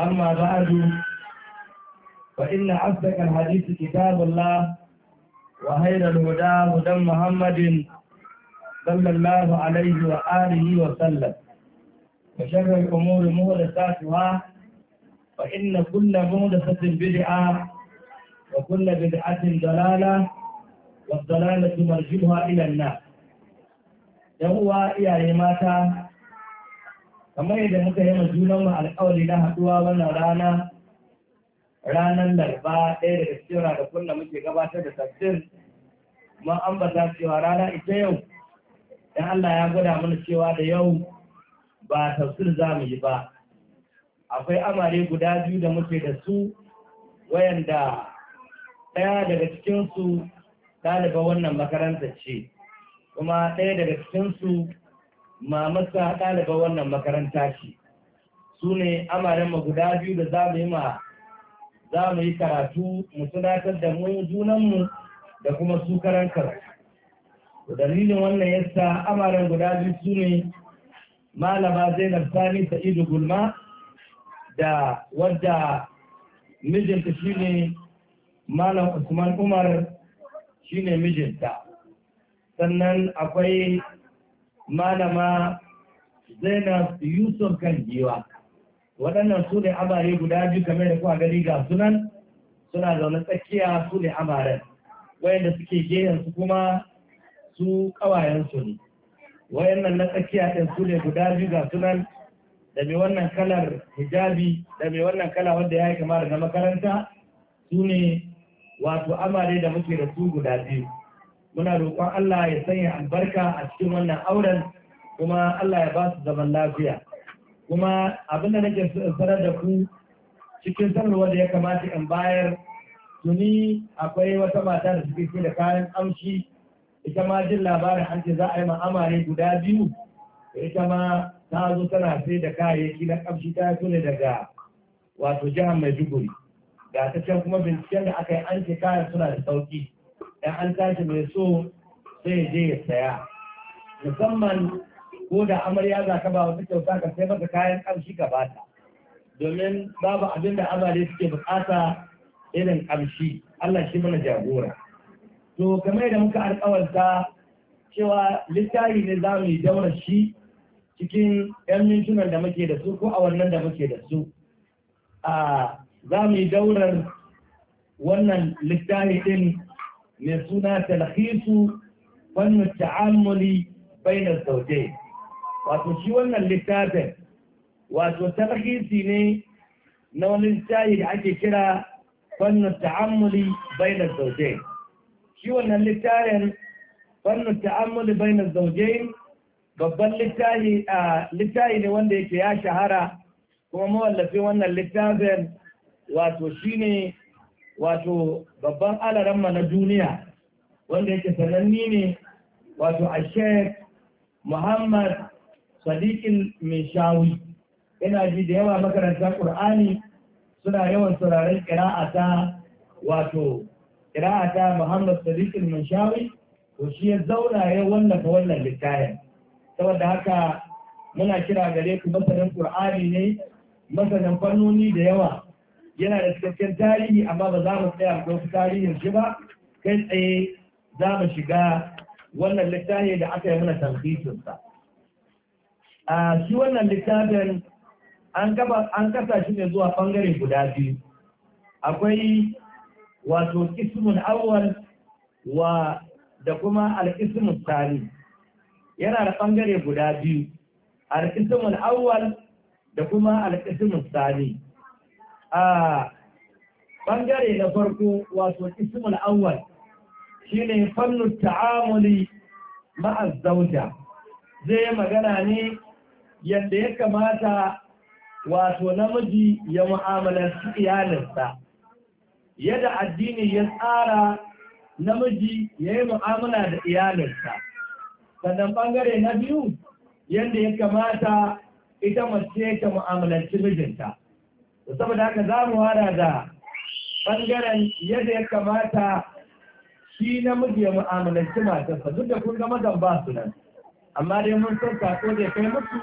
أما بعد فإن أصدق الحديث كتاب الله وخير الهدى هدى محمد صلى الله عليه وآله وسلم وشر الأمور مهدساتها فإن كل مهدسة بدعة وكل بدعة ضلالة والضلالة مرجوها إلى النار يهوى إياه ماتا kamar yadda muka yi majunan mu alƙawari na haɗuwa wannan rana ranar larba ɗaya daga cikin ranakun da muke gabatar da sabbin kuma an za cewa rana ita yau dan Allah ya gwada mana cewa da yau ba tafsir za mu yi ba akwai amare guda biyu da muke da su wayanda ɗaya daga cikinsu ɗaliban wannan makaranta ce kuma ɗaya daga cikinsu mamarsa ɗaliban wannan makaranta ce su ne amarenmu guda biyu da za mu yi ma za mu yi karatu mu tunatar da mu junanmu da kuma su karan karatu dalilin wannan yasa amaren guda biyu su ne malama zainab sani sa'idu gulma da wadda mijinta shine malam usman umar shine mijinta sannan akwai malama zainab yusuf kan giwa waɗannan su ne amare guda biyu kamar da kuma gani ga sunan suna zaune tsakiya su ne amaren wayanda suke gehen kuma su ƙawayensu ne wayannan na tsakiya ɗin su ne guda biyu ga sunan da mai wannan kalar hijabi da mai wannan kala wanda ya yi kama da na makaranta su ne wato amare da muke da su guda biyu muna roƙon Allah ya sanya albarka a cikin wannan auren kuma Allah ya ba su zaman lafiya kuma abin da nake sanar da ku cikin sanarwa da ya kamata in bayar tuni akwai wata mata da suke da kayan amshi ita ma jin labarin an ce za a yi ma'amari guda biyu ita ma ta zo tana sai da kayayyaki na kamshi ta fito ne daga wato jihar Maiduguri ga ta can kuma binciken da aka yi an ce kayan suna da sauki ɗan an tashi mai so sai je ya saya musamman ko da amarya za ka ba wata kyauta ka sai maka kayan ƙamshi ka bata domin babu abin da amare suke bukata irin ƙamshi Allah shi mana jagora to kamar da muka alƙawarta cewa littafi ne za mu yi daura shi cikin 'yan mintunan da muke da su ko a wannan da muke da su a ah, za mu yi daurar wannan littafi ɗin mai suna talhisu fannin ta'amuli bainar sauje wato shi wannan littafin wato talhisi ne na wani littafi da ake kira fannin ta'amuli bainar sauje shi wannan littafin fannin ta'amuli bainar sauje babban littafi ne wanda yake ya shahara kuma mawallafin wannan littafin wato shine wato babban alaramma na duniya wanda yake sananni ne wato a sheik muhammad sadiqin mishawi ina ji da yawa makarantar ƙur'ani suna yawan sauraron ƙira'ata wato ƙira'ata muhammad sadiqin mishawi to shi ya zauna ya wallafa wannan littafin saboda haka muna kira gare ku masanin ƙur'ani ne masanin fannoni da yawa yana da cikakken tarihi amma ba za mu tsaya mu ɗauki tarihin shi ba kai tsaye za mu shiga wannan littafi da aka yi mana tarhisinsa a shi wannan littafin an kasa shi ne zuwa bangare guda biyu akwai wato ismun awwal wa da kuma al'ismun tani yana da bangare guda biyu al'ismun awwal da kuma al'ismun tani a ɓangare na farko wato ismul awwal shine fannu ta'amuli maazauta zai zai magana ne yadda ya kamata wato namiji ya mu'amalarci iyalinsa yadda addini ya tsara namiji ya yi mu'amala da iyalinsa sannan ɓangare na biyu yadda ya kamata ita mace ta mu'amalarci mijinta saboda haka za mu hada da ɓangaren yadda ya kamata shi namiji ya mu'amalanci matarsa duk da kun ga mazan ba su nan amma dai mun san sako da kai musu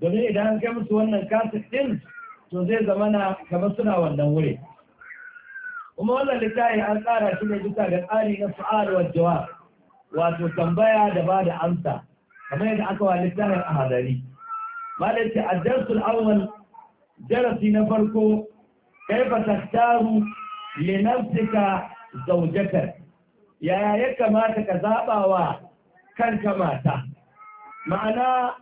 domin idan an kai musu wannan kasu ɗin to zai zama na kamar suna wannan wuri kuma wannan littafi an tsara shi ne bisa ga tsari na su'al wa jawab wato tambaya da ba da amsa kamar yadda aka wa littafin a hadari malaka ce awwal darasi na farko kaifa tattaru li nafsika zaujatar. yaya ya kamata ka zaɓa wa kanka mata ma'ana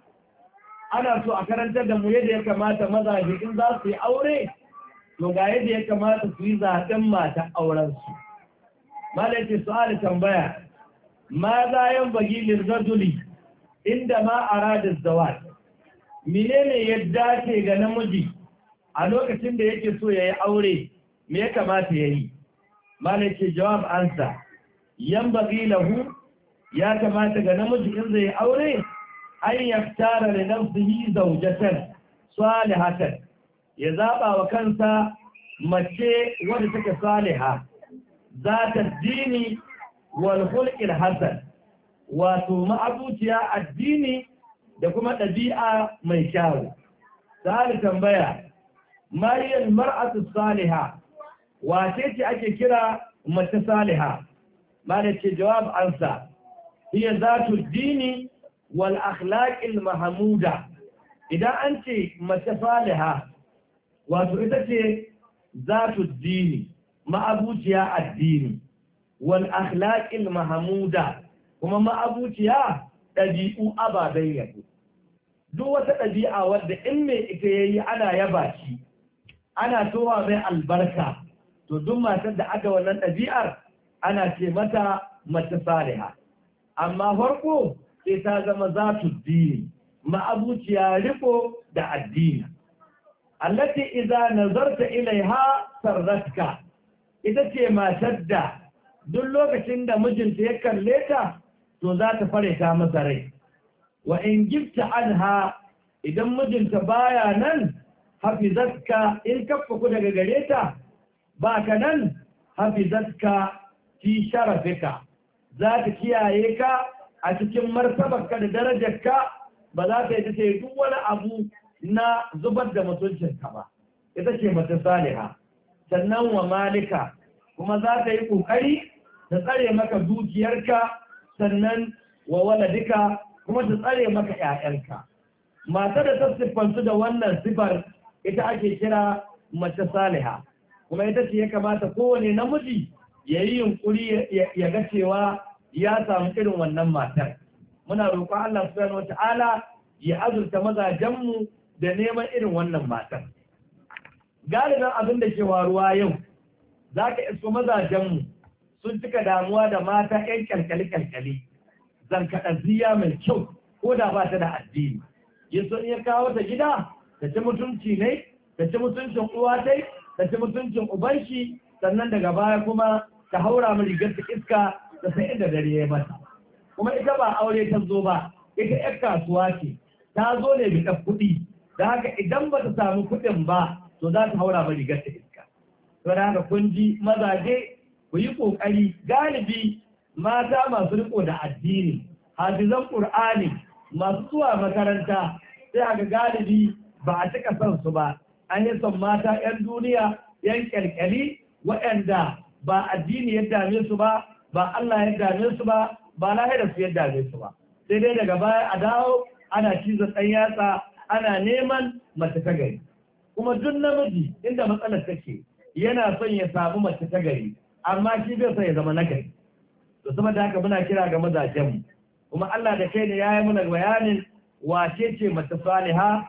ana so a karantar da mu yadda ya kamata mazaje in za su yi aure to ga yadda ya kamata su yi zaɓen mata aurensu malaki su'ala tambaya ma za yan bagi lirzaduli inda ma a radis zawal menene ya dace ga namiji a lokacin da yake so ya yi aure me ya kamata ya yi mana ce jawab ansa yan bagi lahu ya kamata ga namiji in zai yi aure an yaftara da yi zaujatan salihatan ya zaɓa wa kansa mace wadda take saliha za ta dini wal khulqil hasan wato ma'abuciya addini da kuma ɗabi'a mai kyawu. Sa'adu tambaya, mariyar mar'atu saliha wace ce ake kira mace saliha mana ce jawab ansa iya zatu dini wal akhlaqil idan an ce mace saliha wato ita ce zatu dini ma'abuciya addini wal akhlaqil mahmuda kuma ma'abuciya ɗabi'u ababen yabo duk wata ɗabi'a wadda in mai ita yayi ana yaba shi ana towa mai albarka to duk matan da aka wannan ɗabi'ar ana ce mata mace saliha amma farko sai ta zama zatu dini ma'abuciya riko da addini allati idza nazarta ilaiha sarratka ita ce matar da duk lokacin da mijinta ya kalle ta to za ta fare ta masa rai wa in gifta anha idan mijinta baya nan hafizatka in ku daga gare ta ba ka nan hafizatka fi sharafika za ta kiyaye ka a cikin martabarka da darajarka ba za ta yi ta yi duk wani abu na zubar da mutuncinka ba ita ce mace saliha sannan wa malika kuma za ta yi ƙoƙari ta tsare maka dukiyarka sannan wa waladika kuma ta tsare maka 'ya'yanka mata da ta siffansu da wannan sifar ita ake kira mace saliha kuma ita ce ya kamata kowane namiji ya yi yunkuri ya ga cewa ya samu irin wannan matar muna roƙon Allah subhanahu wata'ala ya azurta mazajenmu da neman irin wannan matar galibin abin da ke waruwa yau za ka iso mazajenmu sun cika damuwa da mata 'yan kyalkyali-kyalkyali zankaɗazziya mai kyau ko da ba ta da addini yin in ya kawo ta gida ta ci mutunci ne ta ci mutuncin uwa tai ta ci mutuncin uban shi sannan daga baya kuma ta haura mu rigar ta iska ta san inda dare ya mata kuma ita ba aure ta zo ba ita yar kasuwa ce ta zo ne bi kuɗi da haka idan ba ta samu kuɗin ba to za ta haura mu rigar ta iska to da haka kun ji mazaje ku yi ƙoƙari galibi mata masu riko da addini hafizan ƙur'ani masu zuwa makaranta sai haka galibi ba a cika son su ba an yi son mata 'yan duniya 'yan kyalkyali waɗanda ba addini ya dame su ba ba Allah ya dame su ba ba lahira su ya dame su ba sai dai daga baya a dawo ana cizo ɗan yatsa ana neman mace ta gari kuma duk namiji inda matsalar take yana son ya samu mace ta gari amma shi bai son ya zama na gari to da haka muna kira ga mazajen mu kuma Allah da kai ne ya yi mana bayanin wace ce mace saliha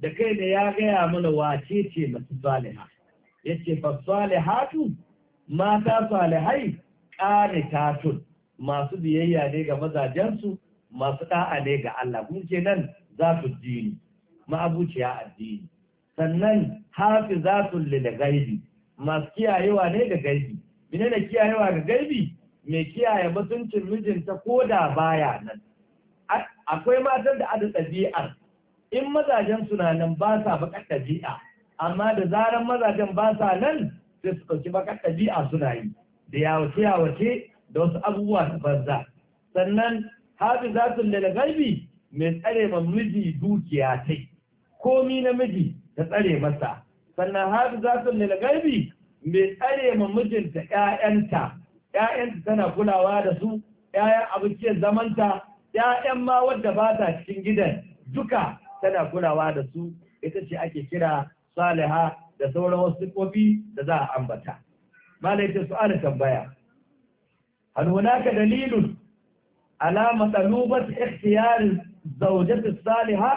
da kai ne ya gaya mana wace ce masu saliha ya ce fa salihatu mata salihai tatun. masu biyayya ne ga mazajensu masu ɗa'a ne ga Allah kun ce nan za su dini ma'abuciya addini sannan hafi za su lil gaibi? masu kiyayewa ne ga gaibi ne kiyayewa ga gaibi mai kiyaye mutuncin mijinta ko da baya nan akwai matan da ada ɗabi'ar in mazajen suna nan ba sa bakar ɗabi'a amma da zaran mazajen ba sa nan sai su ɗauki bakar ɗabi'a suna yi da yawace yawace da wasu abubuwa ta banza sannan hafi za su lala garbi mai tsare ma miji dukiya tai komi namiji ta tsare masa sannan hafi za su lala garbi mai tsare ma mijinta ‘ya'yanta ‘ya'yanta tana kulawa da su ‘ya'yan abincin zamanta ‘ya'yan ma wadda ba ta cikin gidan duka tana kulawa da su ita ce ake kira saliha da sauran wasu kofi da za a ambata malai ce su'ala tambaya hal hunaka dalilun ala matsalubat ikhtiyar zawjati saliha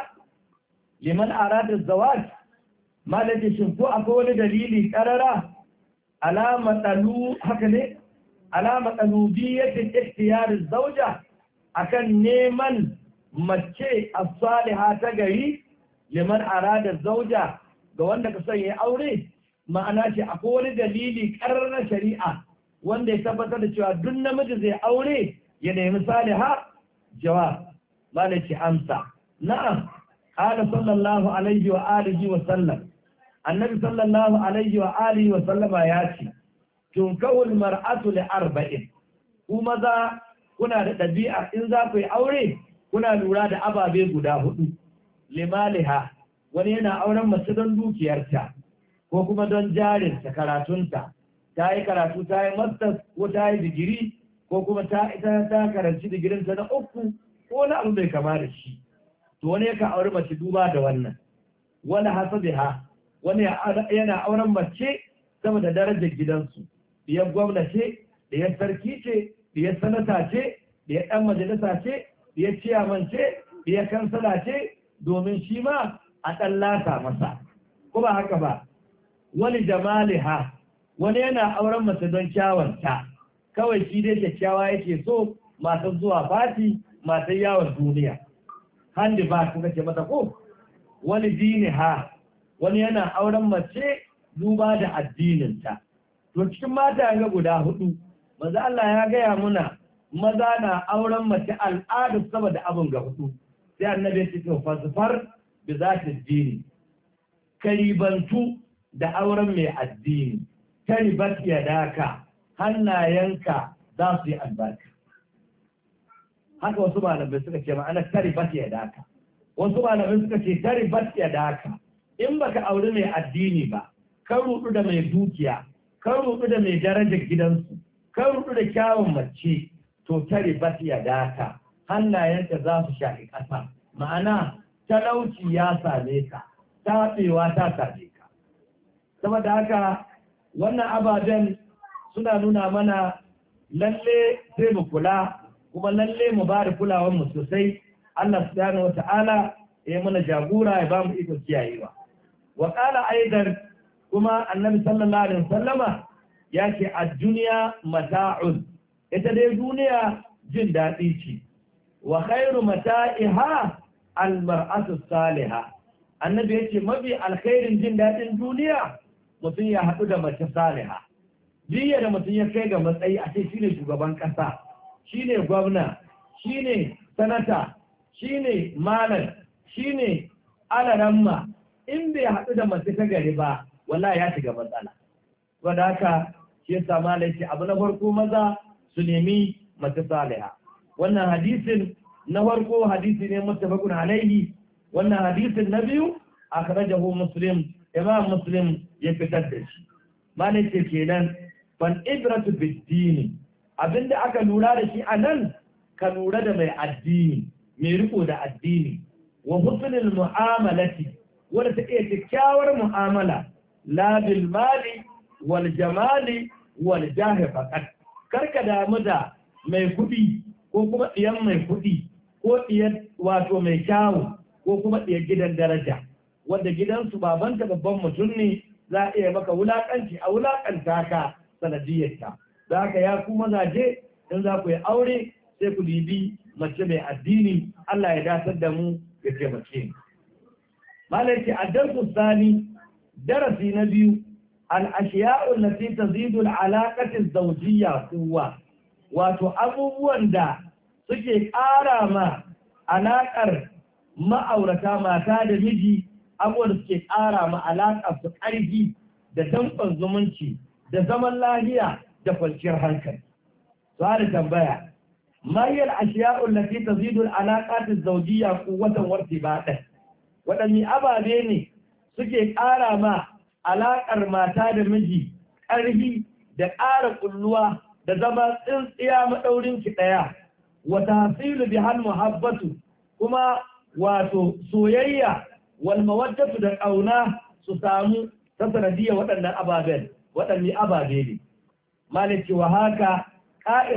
liman arada zawaj malai ce shin ko akwai wani dalili karara ala matsalu haka ne ala matsalubiyatin ikhtiyar zawja akan neman mace a saliha ta gari liman arada zauja ga wanda ka sanya aure ma'ana ce akwai wani dalili na shari'a wanda ya tabbatar da cewa duk namiji zai aure ya nemi saliha jawab ce amsa na'am qala sallallahu alaihi wa alihi wa sallam annabi sallallahu alaihi wa alihi wa sallama ya ce tunkawul mar'atu li arba'in Kuma za kuna da ɗabi'a in za ku yi aure kuna lura da ababe guda hudu limaliha wani yana auren masu don dukiyarta ko kuma don jarinta karatunta ta yi karatu ta yi masters ko ta yi digiri ko kuma ta ita ta karanci digirinta na uku ko na abu mai kama da shi to wani ka auri mace duba da wannan wani ha, wani yana auren mace sama da darajar gidansu diyar gwamna ce sarki ce diyar sanata ce diyar ɗan majalisa ce ya ciyaman ya kansala ce domin shi ma a ɗanlata masa ko ba haka ba wani maliha wani yana auren mace don kyawanta kawai shi dai kyakkyawa yake so masu zuwa fati masu yawon duniya handi ba kuka ce mata ko wani dini ha wani yana auren mace duba da addininta to cikin mata ga guda hudu maza Allah ya gaya muna maza na auren mace al'adu saboda abin ga hudu sai annabi ya ce fasfar bi za ta dini karibantu da auren mai addini bas ya daka hannayenka za su yi albarka haka wasu malamai suka ce ma'ana bas ya daka wasu malamai suka ce bas ya daka in baka auri mai addini ba ka rudu da mai dukiya ka rudu da mai darajar gidansu ka rudu da kyawun mace to tare ba ya hannayen hannayenka za su shafi ƙasa ma'ana talauci ya same ka ta tafewa ta same ka saboda haka wannan ababen suna nuna mana lalle sai mu kula kuma lalle mu ba da kulawar mu sosai Allah subhanahu wata'ala ya mana jagora ya ba mu iko kiyayewa wa qala aidan kuma annabi sallallahu alaihi wasallama ya ce ad-dunya mata'un ita dai duniya jin daɗi ce wa khairu mata'iha almar'atu saliha annabi yace mafi alkhairin jin daɗin duniya mutum ya haɗu da mace saliha jiya da mutum ya kai ga matsayi a ce shine shugaban ƙasa shine gwamna shine sanata shine malam shine alaramma in bai haɗu da mace ta gari ba wallahi ya shiga matsala wadaka shi yasa malai ce abu na farko maza su nemi mace saliha wannan hadisin na farko hadisi ne muttafaqun alaihi wannan hadisin na biyu akhrajahu muslim imam muslim ya fitar da shi malai ce kenan ban ibratu bid-din abinda aka lura da shi anan ka lura da mai addini mai riko da addini wa husnul mu'amalati wanda ta iya kyakkyawar mu'amala la bil mali wal jamali wal jahi faqat karka damu da mai kuɗi ko kuma ɗiyan mai kuɗi ko ɗiyar wato mai kyawu ko kuma ɗiyar gidan daraja wanda gidansu babanta babban mutum ne za a iya maka wulakanci a wulaƙanta ka sanadiyarta za ka ya ku mazaje in za ku yi aure sai ku dibi mace mai addini Allah ya dasar da mu ya taimake mu malai ce a darsu sani darasi na biyu al'ashiya'un na fi ta zidul alaƙatis zaujiya kuwa, wato abubuwan da suke ƙara ma alaƙar ma'aurata mata da miji abubuwan suke ƙara ma alaƙar su ƙarfi da damfan zumunci da zaman lahiya da kwanciyar hankali. Tsari tambaya, mayar ashiya'un na fi ta zidul alaƙatis warti ba ɗan, waɗanne ababe ne suke ƙara ma alaƙar mata da miji ƙarfi da ƙara ƙulluwa da zama tsintsiya maɗaurin ki ɗaya wa bi bihal muhabbatu kuma wato soyayya wal mawaddatu da ƙauna su samu ta sanadiyar waɗannan ababen waɗanne ababe ne malaki wa haka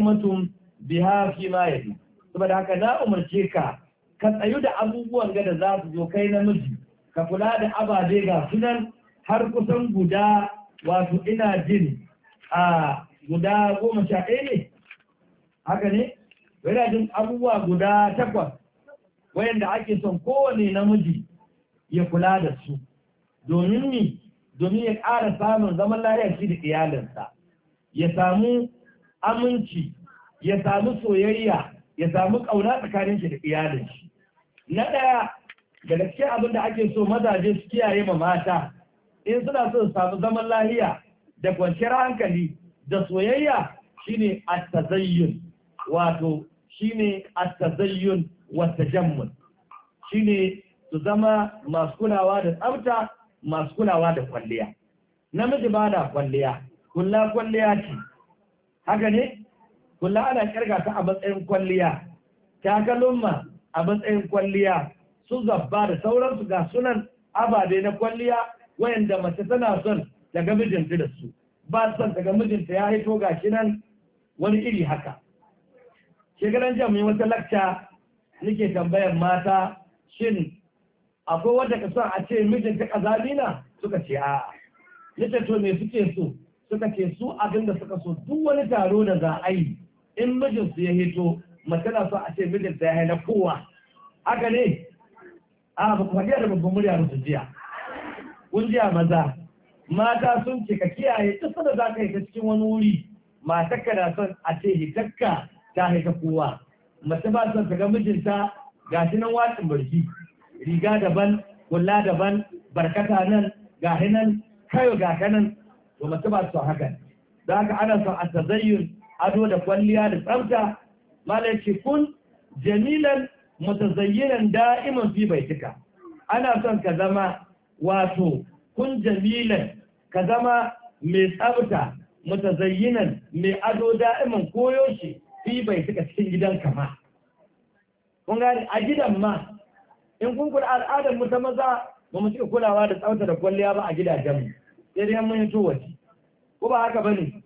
mutum biha fi ma yadi saboda haka na umarce ka ka tsayu da abubuwan gada da za su zo kai namiji ka kula da ababe ga sunan har kusan guda wato ina jin a guda goma sha ɗaya ne haka ne yana jin abubuwa guda takwas wayanda ake son kowane namiji ya kula da su domin ni domin ya ƙara samun zaman lafiya shi da iyalinsa ya samu aminci ya samu soyayya ya samu ƙauna tsakanin shi da iyalin na ɗaya da gaske abin da ake so mazaje su kiyaye ma mata in suna son samu zaman lahiya da kwanciyar hankali da soyayya shine at-tazayyun wato shine at-tazayyun wa tajammul shine su zama masu kulawa da tsafta masu kulawa da kwalliya namiji ba da kwalliya kulla kwalliya ce haka ne kulla ana kirga ta a matsayin kwalliya takalumma a matsayin kwalliya su zabba da sauransu ga sunan ababe na kwalliya wayanda mace tana son daga ga mijinta da su ba son daga mijinta ya haito ga shi nan wani iri haka shekaran jiya mun yi wata nake tambayar mata shin akwai wanda ka son a ce mijinta kazali na suka ce a nace to me suke so suka ce su abinda suka so duk wani taro da za a yi in mijinsu ya hito mace na son a ce mijinta ya haina kowa haka ne a ba ku da babban murya su jiya kun ji maza mata sun ce ka kiyaye duk sanda za ka yi ta cikin wani wuri ka na son a ce hitakka ta haika kowa mace ba son ta ga mijinta ga shi nan watsin barki riga daban kula daban barkata nan ga nan kayo ga nan to mace ba son hakan da haka ana son a tazayyun ado da kwalliya da tsafta malai ce kun jamilan mutazayyinan da'iman fi baitika ana son ka zama wato kun jamilan ka zama mai tsabta mutazayyinan mai ado da'iman koyo shi fi bai suka cikin gidan ka ma kun gani a gidan ma in kun kula al'adar mu ta maza ba mu cika kulawa da tsafta da kwalliya ba a gidajen mu sai dai mun yi waje ko ba haka bane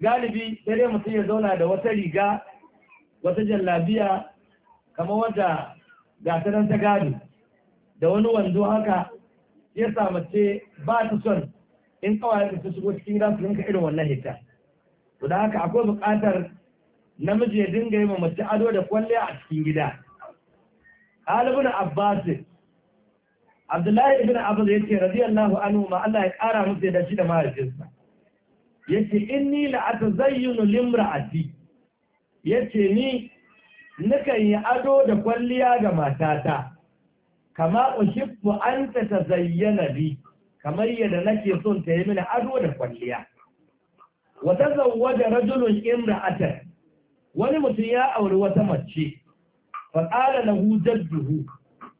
galibi sai dai mutum ya zauna da wata riga wata jallabiya kamar wata gatanan ta gado da wani wando haka ya sa mace ba ta son in kawayen su shigo cikin gida su rinka irin wannan hita to da haka akwai buƙatar namiji ya dinga yi mace ado da kwalliya a cikin gida Halibun Abbas Abdullahi ibn Abbas yace radiyallahu anhu ma Allah ya ƙara musu da shi da mahaifinsa yace inni la atazayyunu limra'ati yace ni nakan yi ado da kwalliya ga matata kama uhibbu an Zayyana bi kamar yadda nake son ta yi mini ado da kwalliya wa tazawwaja rajulun imra'atan wani mutum ya auri wata mace fa qala lahu jadduhu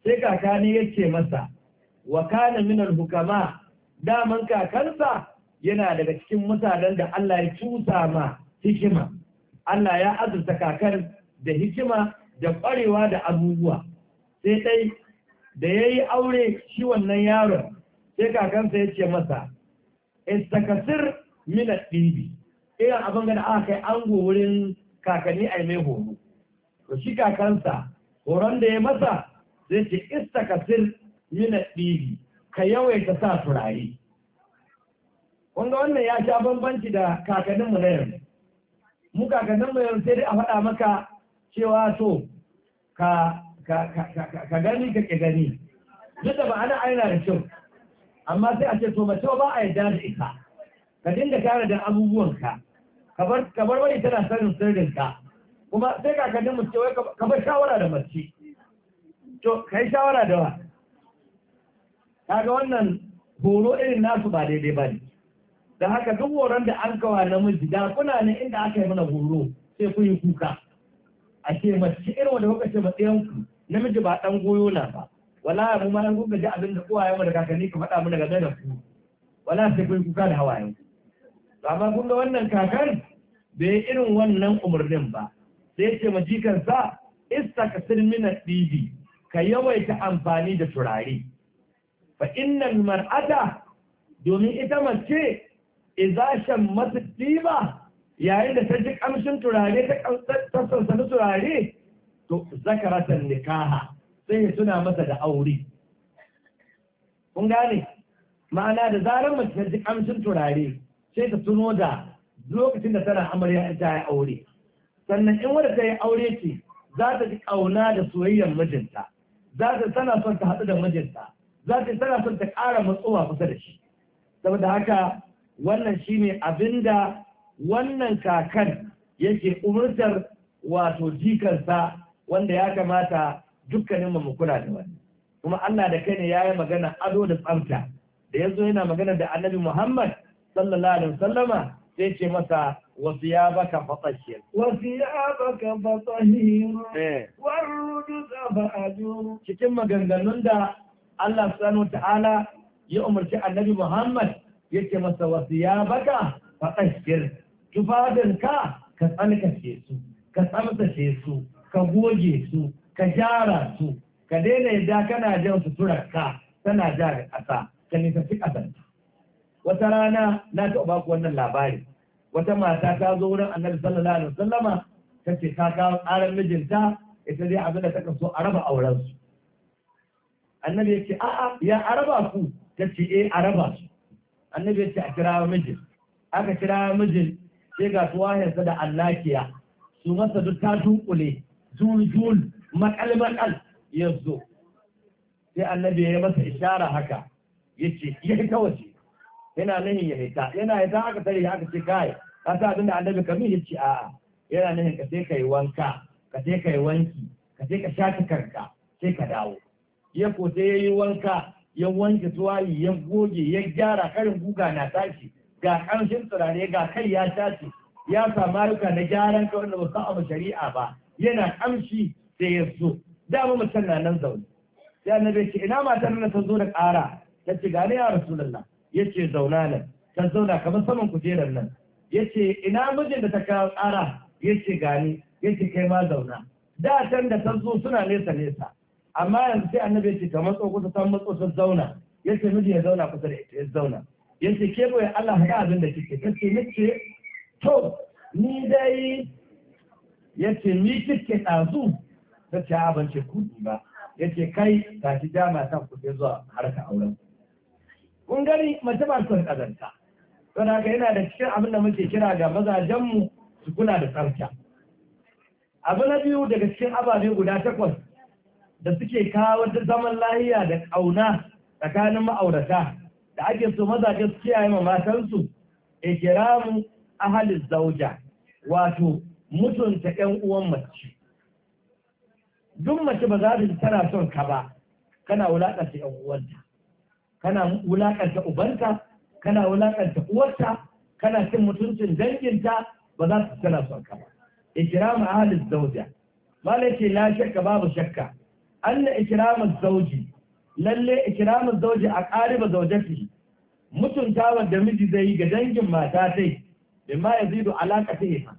sai kaka ne yace masa wa kana min al-hukama daman kakansa yana daga cikin mutanen da Allah ya cusa ma hikima Allah ya azurta kakar da hikima da ƙwarewa da abubuwa sai dai da ya yi aure shi wannan yaron sai kakansa ya ce masa istakasir mina ɗibi irin abin gada aka kai ango wurin kakanni a mai horo to shi kakansa horon da ya masa zai ce istakasir mina ɗibi ka yawaita sa turare wanda wannan ya sha bambanci da kakanninmu na yanzu mu kakanninmu yanzu sai dai a faɗa maka cewa to ka ka gani ka ke gani duk da ma'ana a yana da kyau amma sai a ce to mace ba a yarda da ita ka dinga kare da abubuwanka ka bar wani tana sanin ka kuma sai kadin mu cewa ka bar shawara da mace to ka yi shawara da wa kaga wannan horo irin nasu ba daidai ba ne da haka duk horon da an kawa namiji da kuna ne inda aka yi mana horo sai ku yi kuka a ce mace irin wanda kuka ce matsayanku namiji ba dan goyo na ba wala mu ma an kuka ji abin da uwaye mu da kakanni ka faɗa mu daga da ku wala sai kun kuka da hawaye amma kun ga wannan kakan bai irin wannan umurnin ba sai ce ma ka istakasir min ɗibi ka yawaita amfani da turare fa innal mar'ata domin ita mace idza masu ɗiba yayin da ta ji kamshin turare ta sansani turare to zakaratan nikaha sai ya tuna masa da aure kun gane ma'ana da zarar mace ta ji kamshin turare sai ta tuno da lokacin da tana amarya ta yi aure sannan in wadda ta yi aure ce za ta ji ƙauna da soyayyar mijinta za ta tana son ta haɗu da mijinta za ta tana son ta ƙara matsowa kusa da shi saboda haka wannan shine abinda wannan kakan yake umurtar wato jikansa wanda ya kamata dukkanin mu kula da wani kuma Allah da kai ne ya yi magana ado da tsamta, da yanzu yana magana da annabi Muhammad sallallahu alaihi wasallama sai ce masa وثيابك فطهر وثيابك فطهر والرجز فأجر cikin maganganun da Allah subhanahu ta'ala ya umarci Annabi Muhammad yake masa wasiyabaka fatashir tufadanka ka tsalkace su ka tsamsace su ka goge su ka gyara su ka daina yadda kana jan ka, tana ja da ƙasa ka fi ƙasanta wata rana na taɓa ku wannan labari wata mata ta zo wurin annabi sallallahu alaihi wasallama ta ce ta kawo tsarin mijinta ita dai abin da ta kaso a raba auren su annabi ya ce a'a ya araba ku ta ce eh araba su annabi ya ce a kira mijin aka kira mijin sai ga yanzu da allakiya su masa duk ta dunkule jul makal-makal ya sai annabi ya masa ishara haka ya ce ya ta waje yana nihin ya ta yana hita aka tare aka ce kai ka sa abinda annabi kamin ya ce a'a yana nihin ka sai ka wanka ka sai ka wanki ka sai ka sha karka sai ka dawo ya ko sai ya wanka ya wanke tuwayi ya goge ya gyara karin guga na tashi ga karshen turare ga kai ya tashi ya samu ayyuka na gyaran kawai da ba sa abu shari'a ba yana kamshi da ya zo dama mutum na nan zaune sai annabi ce ina matar nan ta zo da ƙara ta ce gane ya rasulullah ya ce zauna nan ta zauna kamar saman kujerar nan ya ce ina mijin da ta kawo ƙara ya ce gane ya ce kai ma zauna da can da ta zo suna nesa nesa amma yanzu sai annabi ce ka matso kusa ta matso ta zauna ya ce miji ya zauna kusa da ita ya zauna ya ce ke boye Allah ka abin da kike ta ce to ni dai ya ce ni kike ɗazu ta ce ce kuɗi ba ya kai ta shi ta kuɗi zuwa harka auren kun gani mace ba su ƙazanta don haka yana da cikin abin da muke kira ga mazajenmu su kula da tsarka abu na biyu daga cikin ababe guda takwas da suke kawo da zaman lahiya da ƙauna tsakanin ma'aurata da ake so mazaje su kiyaye ma matansu ikiramu ahalin zauja wato mutunta ‘yan uwan mace. Duk mace ba za ta tana son ka ba, kana wulaƙanta ‘yan uwanta, kana wulaƙanta ubanta, kana wulaƙanta uwarta, kana cin mutuncin danginta ba za ta tana son ka ba. Ikiramu ahalin zauja. ce la shakka babu shakka. Anna ikiramun zauji lalle ikiramin zauji a ƙariba zaujati mutuntawa da miji zai yi ga dangin mata sai. bimma yazidu alaqatihima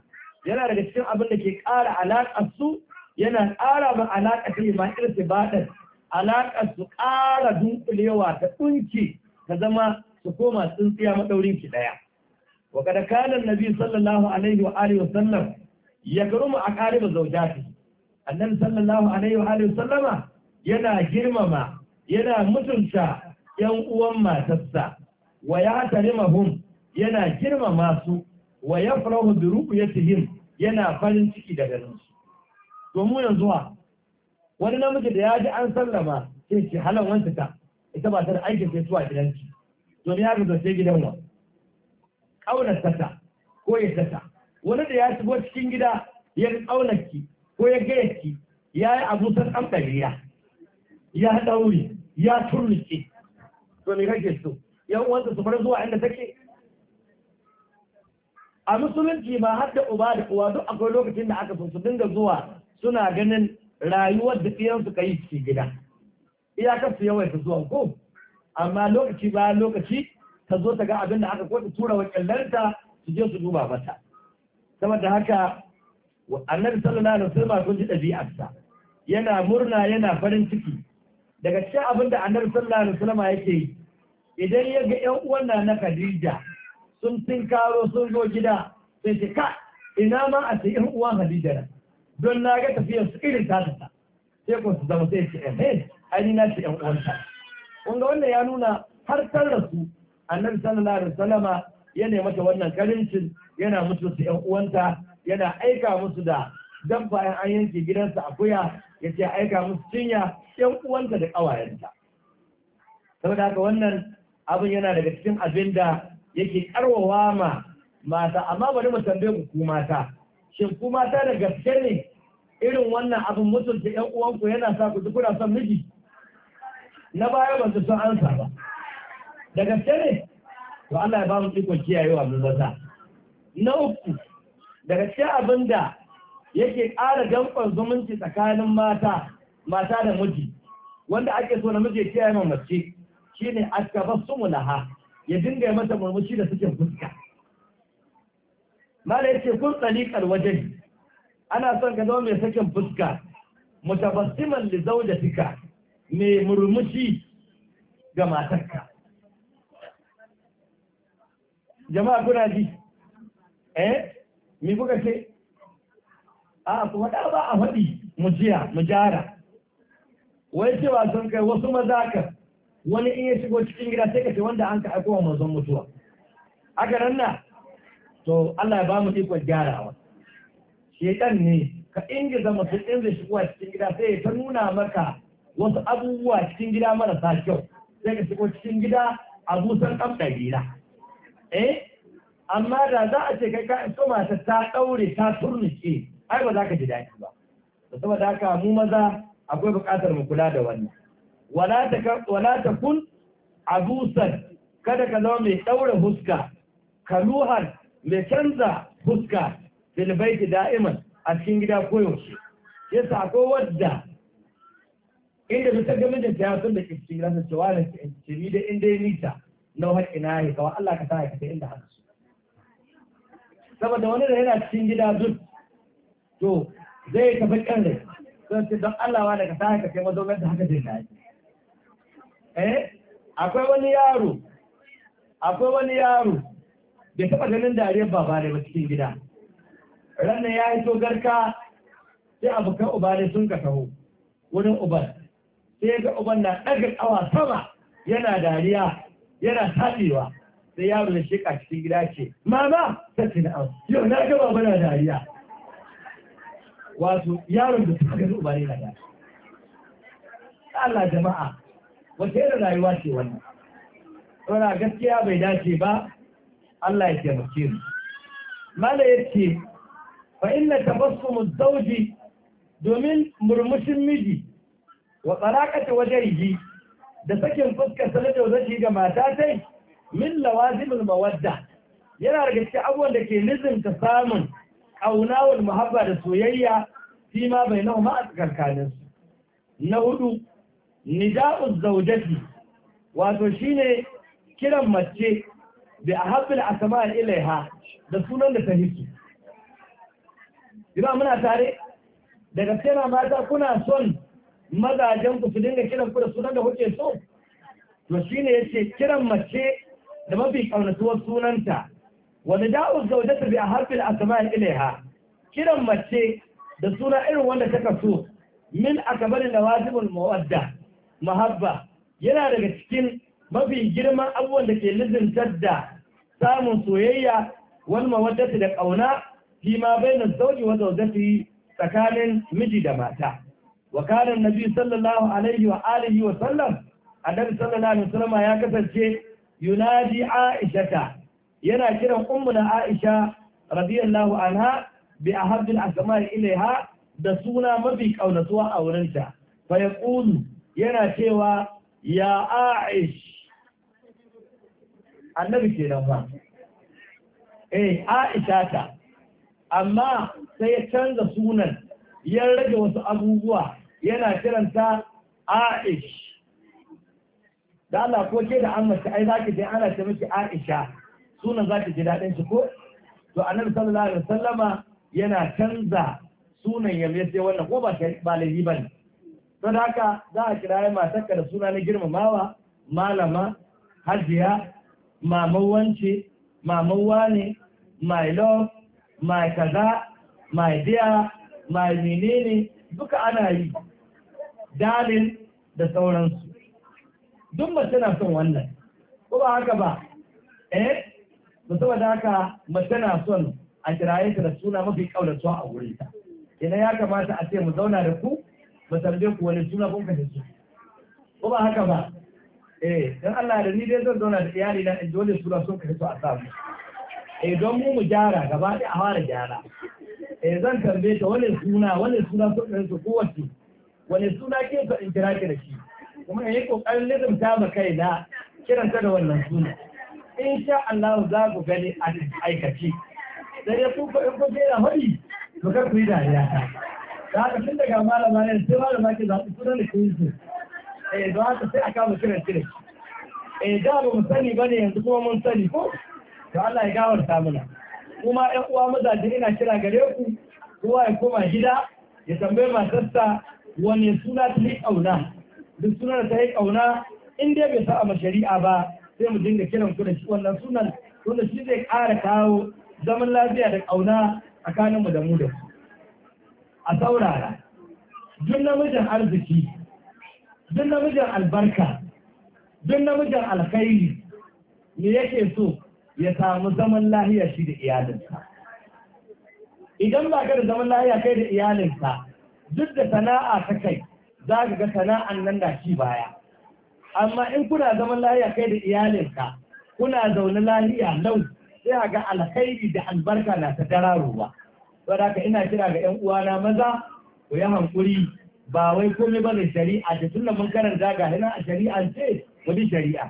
yana daga cikin abin da ke ƙara alaƙar su yana ƙara ma alaƙar ta ma irtibadan alaƙar su ƙara dunkulewa ta ɗunki ta zama su koma tsintsiya maɗaurin ki ɗaya wa kada Kanan nabi sallallahu alaihi wa alihi wa sallam ya mu a ƙariba zaujati annabi sallallahu alaihi wa alihi wa sallama yana girmama yana mutunta yan uwan matarsa wa ya tarimahum yana girmama su wa yafrahu bi ru'yatihim yana farin ciki da ganin su domin yanzu wa wani namiji da ya ji an sallama sai ce halan wanta ta ita ba ta da aikin sai zuwa ki. domin ya gaza sai gidan wa kaunar tata ko ya tata wani da ya shigo cikin gida ya ki ko ya ki ya yi abu san an ya dauri ya turnike to me kake so yan uwansa su fara zuwa inda take a musulunci ma har da uba da uwa duk akwai lokacin da aka su dinga zuwa suna ganin rayuwar da ɗiyansu ka yi gida iyakar su yawaita zuwa ko amma lokaci bayan lokaci ta zo ta ga abin da aka ko tura wa kyallarta su je su duba mata saboda haka annabi sallallahu alaihi wasallam sun ji dabi'arsa yana murna yana farin ciki daga cikin abin da annabi sallallahu alaihi wasallam yake yi idan ya ga ƴan uwan na Khadija sun tinkaro sun zo gida sai ce ka ina ma a ce yan uwan Khadija don na ga tafiyar su irin ta ta sai ko su zama sai ce eh, eh ai na ce yan uwanta kun ga wannan ya nuna har tar da su annabi sallallahu alaihi wasallama ya nemi mata wannan karincin yana musu su yan uwanta yana aika musu da dabba in an yanke gidansa akuya ya ce aika musu cinya yan uwanta da ƙawayenta saboda haka wannan abin yana daga cikin abin da yake karwawa ma mata amma bari mu tambaye ku ku mata shin ku mata da gaske ne irin wannan abin mutunta ƴan uwanku yana sa ku kuna son miji na baya ban san ansa ba da gaske ne to Allah ya ba mu iko kiyayewa mu zata na uku da gaske abin da yake ƙara danƙon zumunci tsakanin mata mata da miji wanda ake so na miji ya kiyaye mace shine mulaha ya dinga mata murmushi da suke fuska mala kun tsaliqal wajen ana son ka zama mai sakin fuska mutabassiman li zawjatika mai murmushi ga matarka jama'a kuna ji eh mi kuka ce a ku ɗa ba a faɗi mujiya jiya mu jara wai ce wasan kai wasu maza ka wani in ya shigo cikin gida sai ka ce wanda an ka aiko wa manzon mutuwa aka na, to Allah ya ba mu ikon gyarawa shedan ne ka ingiza mutum in zai shigo cikin gida sai ya ta nuna maka wasu abubuwa cikin gida marasa kyau sai ka shigo cikin gida a busan ɗan ɗabila eh amma da za a ce kai ka iso mata ta ɗaure ta turnuke ai ba za ka ji daɗi ba saboda haka mu maza akwai buƙatar mu kula da wannan wala ta kun abusan kada ka zama mai ɗaura huska kaluhan mai canza huska bilbaiti da'iman a cikin gida koyaushe ya sako wadda inda bisa ga mijin ta yasun da kirci rasa cewa da kirci da inda ya nisa na haƙi na ya kawo Allah ka sa ta inda haka su saboda wani da yana cikin gida duk to zai tafi kan sun ce don Allah wa da ka sa haka kafe madogar da haka zai yi Eh? akwai wani yaro akwai wani yaro bai taɓa ganin dariyar baba ne ba cikin gida ranar ya yi garka sai abokan uba ne sun ka taho wurin uban sai ga uban na ɗaga ƙawa sama yana dariya yana taɗewa sai yaro da sheka cikin gida ce mama ta ce na'am yau na ga baba na dariya wato yaron da suka gani uba ne na dariya Allah jama'a Wasu da rayuwa ce wannan saboda gaskiya bai dace ba Allah ya taimake mu mala ce, fa inna tabassumu zawji domin murmushin miji wa wajen yi da sakin fuskar sa da zai ga mata sai, min lawazimul mawadda yana da cikin abuwan da ke ta samun ƙaunawar muhabba da soyayya fi ma bainahu ma a na hudu nida'uz zaujati wato shine kiran mace bi ahabbil asma ilaiha da sunan da ta hisu muna tare daga gaske mata kuna son mazajen ku su dinga kiran ku da sunan da kuke so to shine yace kiran mace da mafi kaunatuwar sunanta wa nida'uz zawjati bi ahabbil asma ilaiha kiran mace da suna irin wanda so so min akabarin da wajibul mawadda mahabba yana daga cikin mafi girman abubuwan da ke lizintar da samun soyayya wal mawaddati da ƙauna fi ma baina zauji wa zaujati tsakanin miji da mata wa kana nabi sallallahu alaihi wa alihi wa sallam annabi sallallahu alaihi ya kasance yunadi aishata yana kiran ummuna aisha radiyallahu anha bi ahabbil asma'i ilaiha da suna mafi kaunatuwa a wurinta fa yaqulu yana cewa ya aish annabi ke nan ba eh aisha ta amma sai ya canza sunan ya rage wasu abubuwa yana kiranta aish da Allah ko ke da an ai zaki dai ana ta miki aisha sunan zaki ji daɗin shi ko to annabi sallallahu alaihi wasallama yana canza sunan ya mai sai wannan ko ba ba ne. bane don haka za a kira matarka da suna na girmamawa malama hajiya mamawanci, mamawa ne my love my kaza my dear my menene duka ana yi dalil da sauransu duk mace na son wannan ko ba haka ba eh da saboda haka mace na son a kiraye ta da suna mafi kaulatuwa a wurin ta ina ya kamata a ce mu zauna da ku ba kuwa ku wani juna kun ka su ko ba haka ba eh dan Allah da ni dai zan zauna da iyali na dole su sun ka su a samu eh don mu mu gyara gaba da a fara gyara eh zan tambaye ta wani suna wani suna sun ka su kowace wani suna ke ka in kira ki da shi kuma in yi kokarin lizumta ma kiran ta da wannan suna in sha Allah za ku gani a aikace sai ku ko in ku je hadi to kar ku yi dariya da tun daga malama ne sai malama ke zaɓi sunan da kun su eh don haka sai a kama kiran cire eh da ba mu sani ba ne yanzu kuma mun sani ko to Allah ya gawarta mana kuma 'yan uwa mazaje ina kira gare ku kowa ya koma gida ya tambayi matarsa wani suna ta yi ƙauna duk sunan da ta yi ƙauna in dai bai sa ma shari'a ba sai mu dinga kiran ku da shi wannan sunan wanda shi zai ƙara kawo zaman lafiya da ƙauna tsakaninmu da mu da a saurara duk namijin arziki duk namijin albarka duk namijin alkhairi me yake so ya samu zaman lahiya shi da iyalinsa idan ba ka da zaman lahiya kai da iyalinsa duk da sana'a ta kai za ka ga sana'an nan na shi baya amma in kuna zaman lahiya kai da iyalinka kuna zaune lahiya lau sai a ga alkhairi da albarka na ta dararowa saboda ka ina kira ga 'yan uwana maza ku yi hankuri ba wai komai ba da shari'a ce tunda mun karanta ga hina a shari'a ce mu bi shari'a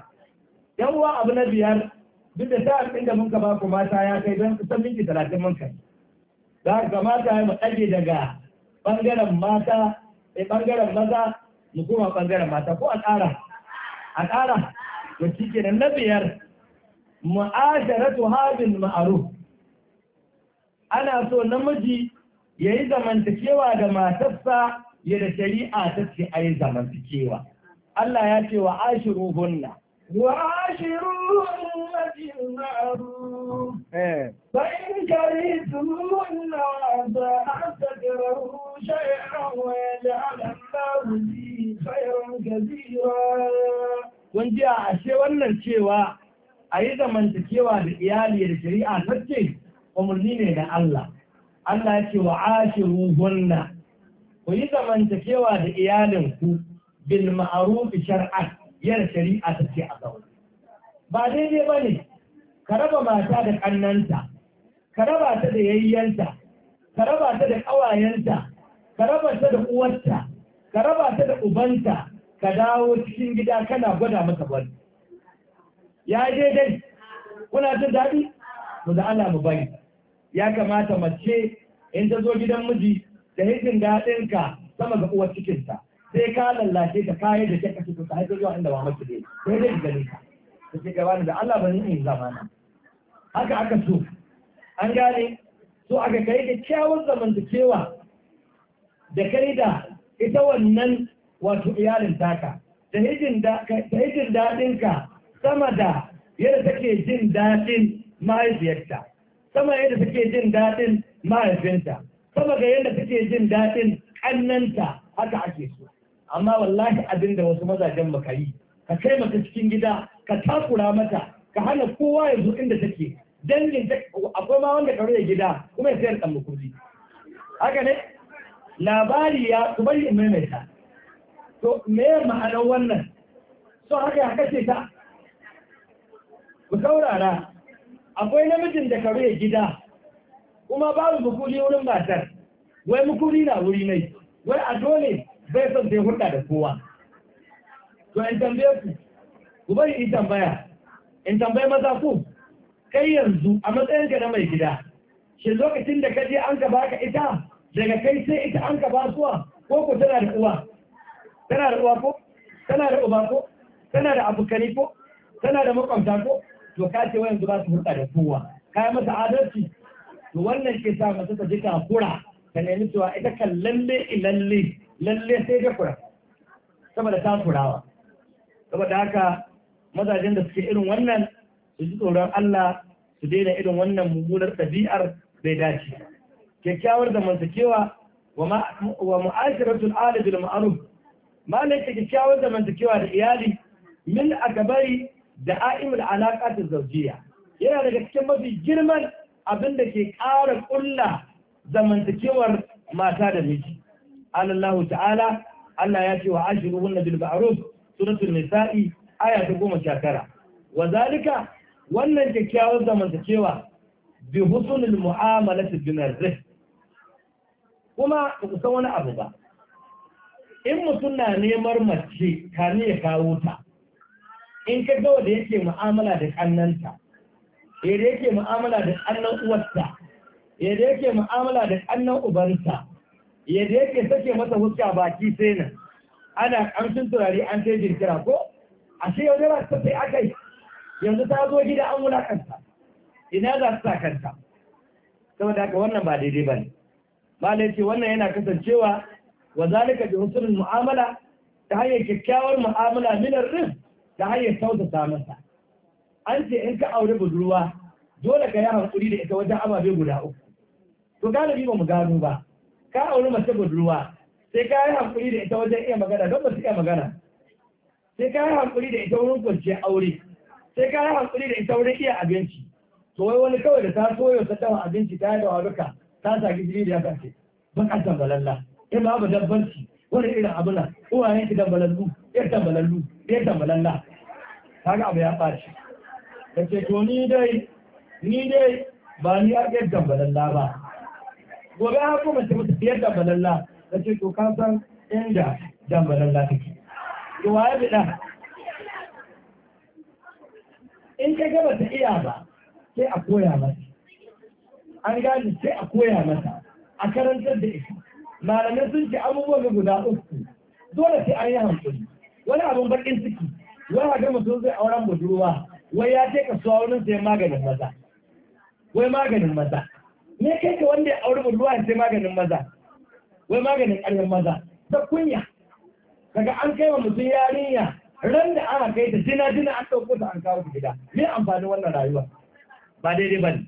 yan uwa abu na biyar duk da sa abin da mun ka baku mata ya kai don kusan minti talatin mun kai za ka mata ya mu ɗage daga ɓangaren mata eh, ɓangaren maza mu koma ɓangaren mata ko a ƙara a ƙara to shi kenan na biyar mu'asharatu hadin ma'aruf ana so namiji ya yi zamantakewa da matarsa ya da shari'a ta ce a yi zamantakewa Allah ya ce wa ashiru hunna wa ashiru hunna bil ma'ruf eh. fa in karitumuna wa ta'tabiru shay'an wa yaj'al Allahu wuzi khairan gazira. kun ji a ashe wannan cewa a yi zamantakewa da iyali da shari'a ta ce umarni ne na Allah Allah ya ce wa ashiru hunna ku yi zamantakewa da iyalinku bil ma'arufi shar'an yar shari'a ta ce a zaune ba daidai ba ne ka raba mata da ƙannanta ka raba ta da yayyanta ka raba ta da ƙawayenta ka raba ta da uwarta ka raba ta da ubanta ka dawo cikin gida kana gwada mata wani ya daidai kuna jin daɗi mu da Allah mu bari ya kamata mace in ta zo gidan miji da hikin daɗinka sama ga uwar cikinta sai ka lallace ta kayan da ka cikin ka haifar zuwa inda ba mace ne sai zai gani ka ta ce gaba da Allah ba ni zamana haka aka so an gane so aka kai da kyawun zamantakewa da kai da ita wannan wato iyalin taka da hijin daɗinka sama da yadda take jin daɗin mahaifiyarta sama yadda take jin daɗin mahaifinta sama ga yadda take jin daɗin ƙannanta haka ake so amma wallahi abin da wasu mazajen maka yi ka kai mata cikin gida ka takura mata ka hana kowa ya zo inda take dangin akwai ma wanda ka ya gida kuma ya sayar da mukuzi haka ne labari ya ku bari in maimaita to me ma'anar wannan so haka ya kace ta ku saurara akwai namijin da kare gida kuma babu mukuli wurin matar wai mukuli na wuri nai wai a dole bai son sai hulɗa da kowa to in tambaye ku ku bari in tambaya in tambaye maza ku kai yanzu a matsayin ka na mai gida shin lokacin da ka je an ka ita daga kai sai ita an ka zuwa? ko ku tana da uwa tana da uwa ko tana da uba ko tana da abokani ko tana da makwabta ko to ka ce wayanzu ba su hulɗa da kowa ka masa adalci to wannan ke sa mace ta ji kura ta nemi cewa ita kan lalle ilalle lalle sai dai kura saboda ta turawa saboda haka mazajen da suke irin wannan su ji tsoron Allah su daina irin wannan mummunar ɗabi'ar bai dace kyakkyawar zamantakewa wa mu'ashiratul ali bil ma'ruf malaka kyakkyawar zamantakewa da iyali min akabari da a'imul alaƙatin zaujiya yana daga cikin mafi girman abin da ke ƙara ƙulla zamantakewar mata da miji Allah ta'ala Allah ya ce wa hun bil ma'ruf suratul nisa'i aya ta goma sha tara wa zalika wannan kyakkyawar zamantakewa bi husnul mu'amalati bin arzik kuma ku san wani abu ba in mutum na neman mace kani ya kawo ta in ka ga wanda yake mu'amala da kannanta da yake mu'amala da kannan uwarsa da yake mu'amala da kannan ya da yake sake masa huska baki sai nan ana kamshin turare an sai jirkira ko a shi yau da ta sai aka yi yanzu ta zo gida an wulakanta ina za su sa kanta saboda haka wannan ba daidai ba ne malai ce wannan yana kasancewa wa zalika bi husnul mu'amala ta hanyar kyakkyawar mu'amala minar rizq ta hanyar tausasa masa an ce in ka aure budurwa dole ka yi hankuri da ita wajen ababe guda uku to galibi ba mu gano ba ka aure mace budurwa sai ka yi hankuri da ita wajen iya magana don ba su iya magana sai ka yi hankuri da ita wurin kwanciyar aure sai ka yi hankuri da ita wurin iya abinci to wai wani kawai da ta soyo ta dawa abinci ta yi da waluka ta sa gishiri da ya kace ban an tambalalla in ba ba dabbanci wani irin abu na uwayen ki dabbalallu ya tambalallu ya tambalalla kaga abu ya ɓace. ka ce to ni dai ni dai ba ni a ƙiyar dambalalla ba gobe har kuma mace mutu fiye dambalalla ka ce to ka san inda dambalalla take to waye bi ɗan in ka gaba ta iya ba sai a koya mata an gane sai a koya mata a karantar da ita malamai sun ce abubuwan guda uku dole sai an yi hankali wani abin bakin ciki wai wata mutum zai auren budurwa wai ya ce ka suwa wurin sai maganin maza wai maganin maza me kai ka wanda ya auri budurwa sai maganin maza wai maganin ƙarfin maza da kunya daga an kai wa mutum yarinya ran da aka kai ta jina jina an ɗauko ta an kawo ta gida me amfanin wannan rayuwa ba daidai ba ne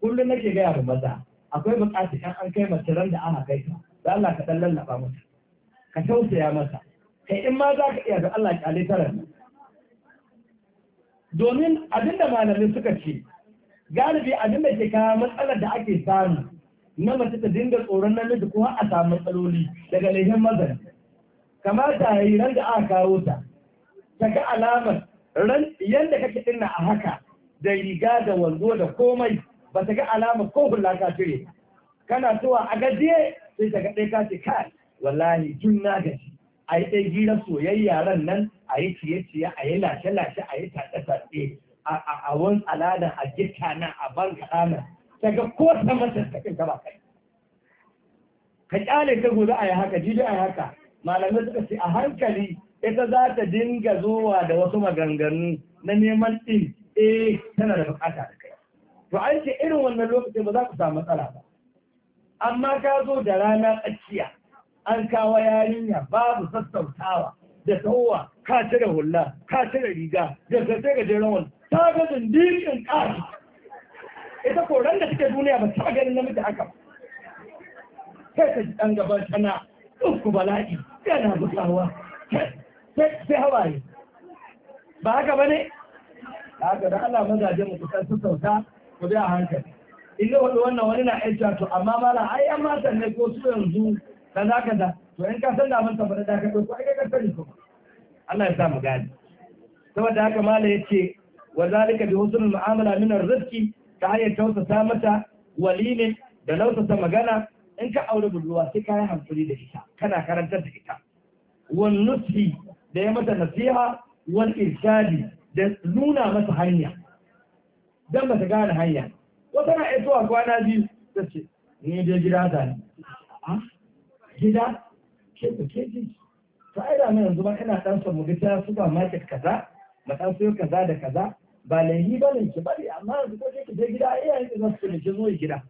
kullum nake gaya da maza akwai buƙatar kan an kai mace ran da aka kai ta da Allah ka ɗan lallaɓa mata. ka tausaya masa kai in ma za ka iya ga Allah ƙyale tarar domin abin da malamin suka ce galibi abin da ke kawo matsalar da ake samu na mace ta dinga tsoron namiji kuma a samu matsaloli daga lehin mazan kamata ya yi ran da aka kawo ta ta ga alamar ran yadda kake dinna a haka da riga da wando da komai ba ta ga alamar ko hula ka cire kana zuwa a gajiye sai ta ga ɗaya ka ce kai wallahi tun na gaji a yi ɗai hirar soyayya ran nan a yi ciye-ciye a yi lashe-lashe a yi taɗe-taɗe a wani aladan a gita nan a ban kaɗa daga ko ta mata ta ba kai ka kyale ta gobe a yi haka jibi a yi haka malamai suka ce a hankali ita za ta dinga zuwa da wasu maganganu na neman ɗin eh tana da bukata da kai to an ce irin wannan lokacin ba za ku samu matsala ba amma ka zo da rana tsakiya an kawo yarinya babu sassautawa da tsawowa ka cire hula ka cire riga da sassai ga gajeren ta ga dindikin ƙari ita koran da take duniya ba ta ganin namiji haka sai ta ji ɗan gaban tana uku bala'i yana gusawa sai hawaye ba haka ba ne haka da ana mazajen mu kusan sassauta ku bi a hankali in wani wannan wani na aiki to amma mala ai an matan ne ko su yanzu kaza kaza to in ka san da mun tabbata da ka dauko ai ka sani ko Allah ya sa mu gani saboda haka mala yace wa zalika bi husnul mu'amala min arzqi ta hanyar tausasa mata walilin da lausasa magana in ka aure budurwa sai ka yi hankali da ita kana karantar da ita wal nusi da ya mata nasiha wal irshadi da nuna mata hanya dan ba ta gane hanya wata na iya kwana biyu ta ce ni dai gida ta ne gida ke da keji ta aida mai yanzu ba ina dan samu gita super market kaza na dan sayo kaza da kaza ba yi ba ne ki bari amma yanzu ko ki je gida eh ki za su ne ki zo gida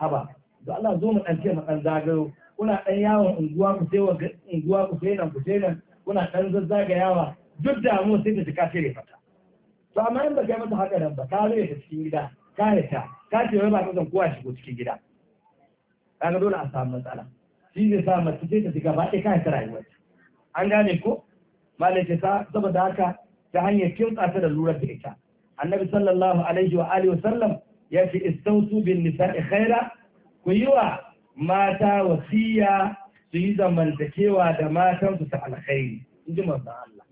haba da Allah zo mu dan ce mu dan zagayo kuna dan yawon unguwa ku sai wa unguwa ku sai nan ku sai nan kuna dan yawa duk da mu sai da ka sai fata to amma in ba kai mata haka nan ba ka zo ta cikin gida ka ta ka ce wai ba ka zan kowa ko cikin gida kaga dole a samu matsala shi zai sa mace ce ta gaba ɗaya kayan ta rayuwar an gane ko malai ce saboda haka ta hanyar kimtsa ta da lura da ita annabi sallallahu alaihi wa alihi ya fi istausu bin nisa'i khaira ku yi wa mata wasiya su yi zamantakewa da matansu ta alkhairi in ji manzon Allah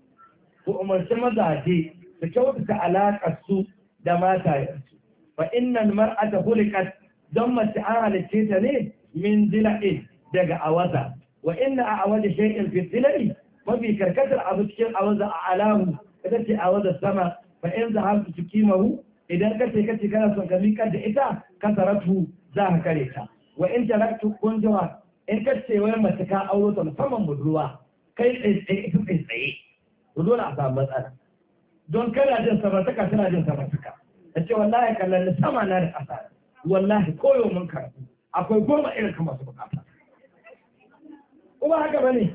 ku umarci mazaje su kyautata alaƙar su da matayensu fa innal mar'ata hulikat don mace an halicce ta ne min dila'in daga awaza wa inna a awali shay'in fi dilali mafi karkatar abu cikin awaza a alamu ita ce awaza sama fa in su tukimahu idan kace kace kana son ka miƙar da ita kasaratu za ka kare ta wa in taraktu kunjawa in kace wai mace ka auro ta musamman budurwa kai tsaye tsaye kai tsaye dole a samu matsala don kana jin samartaka tana jin samartaka ta ce wallahi kallon sama na da ƙasa wallahi koyo mun karatu akwai goma irin kamar su bukata kuma haka ba ne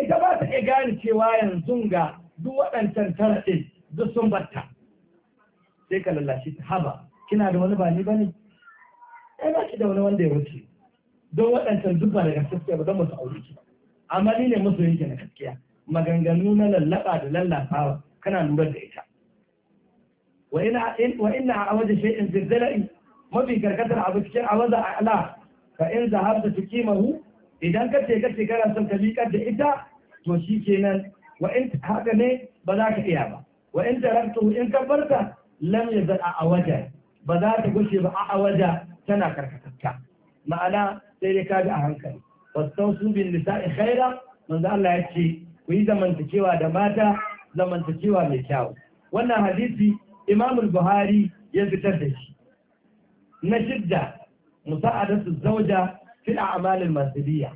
ita ba ta gane cewa yanzu ga duk waɗancan tara ɗin duk sun batta sai ka lallashi ta haba kina da wani bani ba ne ai eh, ba ki da wani wanda ya wuce don waɗancan duk ba daga gaskiya ba don musu aure ki amma ni ne musu yanke na gaskiya maganganu na lallaɓa da lallafawa kana lura da ita wa ina a wajen shi'in zirzala'i mafi karkatar abu cikin a waza a'la ka in zahabta tuqimahu idan ka ce kace kana son ka miƙar da ita to shi kenan wa in haka ne ba za ka iya ba wa in taraktu in ka barta lam yazal a waje ba za ta gushe ba a waje tana karkatakka ma'ana sai dai ka ga a hankali su bin nisa'i khaira manzo Allah ya ce ku yi zamantakewa da mata zamantakewa mai kyau wannan hadisi Imamul Buhari ya fitar da shi na shidda musa'adatu zauja fi a'malil masiliya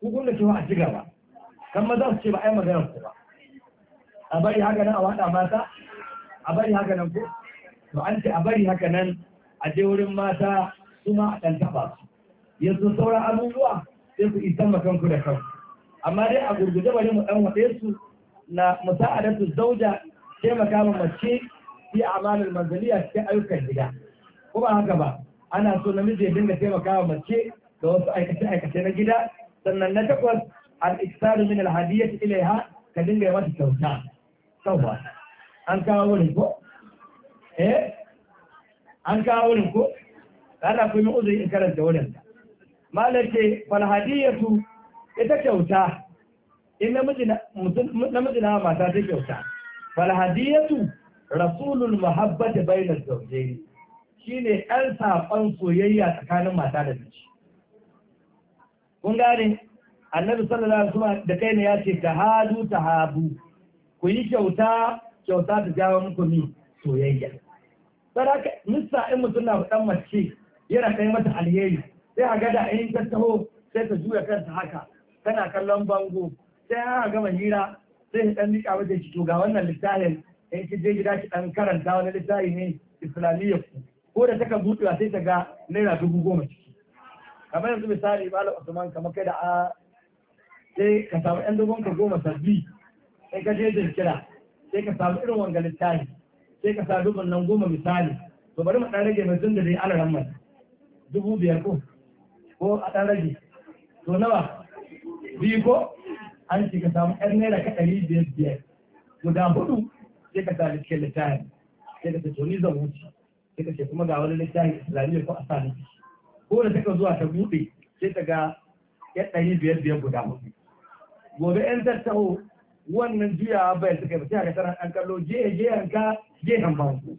ku kun da cewa a ci gaba kan maza su ce ba ai maganar ku ba a bari haka nan a wada mata a bari haka nan ku. to an ce a bari haka nan a je wurin mata su ma a ɗan taɓa. su yanzu sauran abubuwa sai ku isa makanku da kanku amma dai a gurguje bari mu dan wade su na musa'adatu zauja taimaka ma mace fi a'malil manziliya cikin ayyukan gida ko ba haka ba ana so namiji ya dinga taimakawa mace da wasu aikace-aikace na gida sannan na takwas al-iktaru min al-hadiyyati ilaiha ka dinga yi mata kyauta sauwa an kawo wurin ko eh an kawo wurin ko ana yi uzuri in karanta wurin malake fal hadiyatu ita kyauta in namiji na namiji na mata ta kyauta fal hadiyatu rasulul mahabbati bainal zawjayn Shi ne 'yan saƙon soyayya tsakanin mata da miji kun gane annabi sallallahu alaihi wasallam da kai ne ya ce ta hadu ta habu ku yi kyauta kyauta ta jawo muku ni soyayya saraka mista in mutum na mace yana kai mata alheri sai a gada in ta taho sai ta juya kanta haka tana kallon bango sai an gama hira sai ta ɗan miƙa mata ki to ga wannan littafin in ki je gida ki ɗan karanta wani littafi ne islamiyya ku ko da takan buɗe sai ta ga naira dubu goma ciki kamar yanzu misali malam usman kamar kai da a sai ka samu yan dubon ka goma sabbi sai ka je jirkira sai ka samu irin wanga littafi sai ka samu dubun nan goma misali to bari mu dan rage mai tun da dai ana mai dubu biyar ko ko a dan rage to nawa biyu ko an ce ka samu yan naira ka ɗari biyar biyar guda hudu sai ka samu cikin littafi sai ka ce tuni zan wuce suka ce kuma ga wani littafi islamiyya ko a sa ko da suka zuwa ta buɗe sai ta ga yan ɗari biyar biyar guda hudu gobe yan tattaho wannan juyawa bai suka yi sai aka tana ɗan kallo je je yanka je han banku